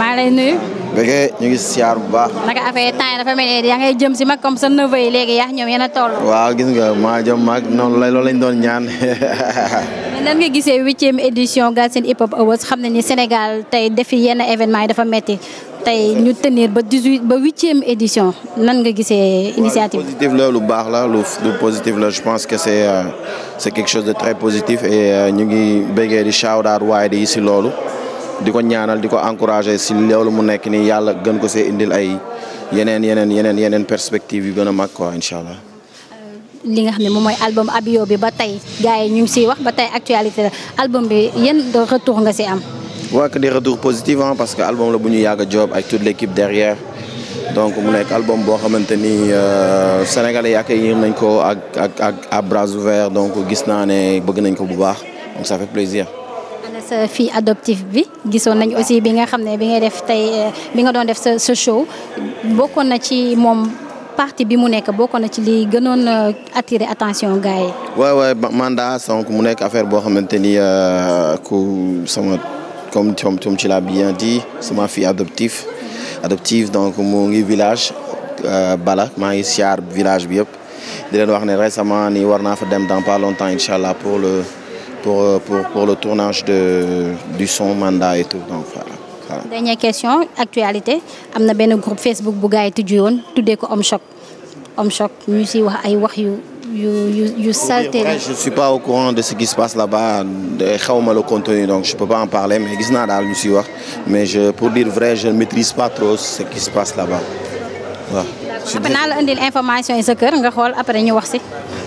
maa ngi lay nuyu. Bégué ñu ngi siyaar bu baax. naka affaire temps yi dafa mel ni yaa ngay jëm si mag comme sa neveu yi léegi yaa ñoom yéen a toll. waaw gis nga maa jëm mag noonu la loolu lañ doon ñaan. nan nga gisee huitième édition Galsen Hip Hop Awards xam ne ni Sénégal tey defi yenn événement yi dafa metti tey ñu tenir ba dix huit ba huitième édition nan nga gisee initiative. positif lu baax la lu positif la je pense que c'est euh, c'est quelque chose de très positive e euh, ñu ngi béggee di shout out waaye di si loolu. di ko ñaanal di ko encouragé si loolu mu nekk nii yàlla gën ko see indil ay yeneen yeneen yeneen yeneen perspective yu gën a mag quoi incha allah. li nga xam ne moom mooy album Abiyo bi ba tey gars ñu ngi siy wax ba tey actualité la album bi yan retour nga si am. waaw que des retours positifs parce que album la bu ñu yàgg a ay ak toute l' équipe derrière donc mu nekk album boo xamante ni euh, sénégalais yi accueillir nañ ko ak ak ak à bras ouverts donc gis naa ne bëgg nañ ko bu baax donc ana sa fille adoptive bi gisoon nañ aussi bi nga xam ne bi ngay def tey euh, bi nga doon def sa show bokkoon na ci moom partie bi mu nekk bokkoon na ci li gënoon euh, attirer attention gars yi. waaw waaw Manda donc mu nekk affaire boo xamante ni euh, ku sama comme ci la tu l'as bien dit c'est ma fille adoptive donc mu ngi village Bala maa ngi siyaar village bi yëpp di leen wax ne récemment ni war naa fa dem dans pas longtemps incha allah pour le. pour, euh, pour, pour le tournage de, du son mandat et tout. Donc, voilà. voilà. Dernière question, actualité. Il y a un groupe Facebook qui a été tué, Homme Choc. Homme Choc, wax sommes You, je ne suis pas au courant de ce qui se passe là-bas. Je le contenu, donc je ne peux pas en parler. Mais je, pour dire vrai, je ne maîtrise pas trop ce qui se passe là-bas. Voilà. Je suis...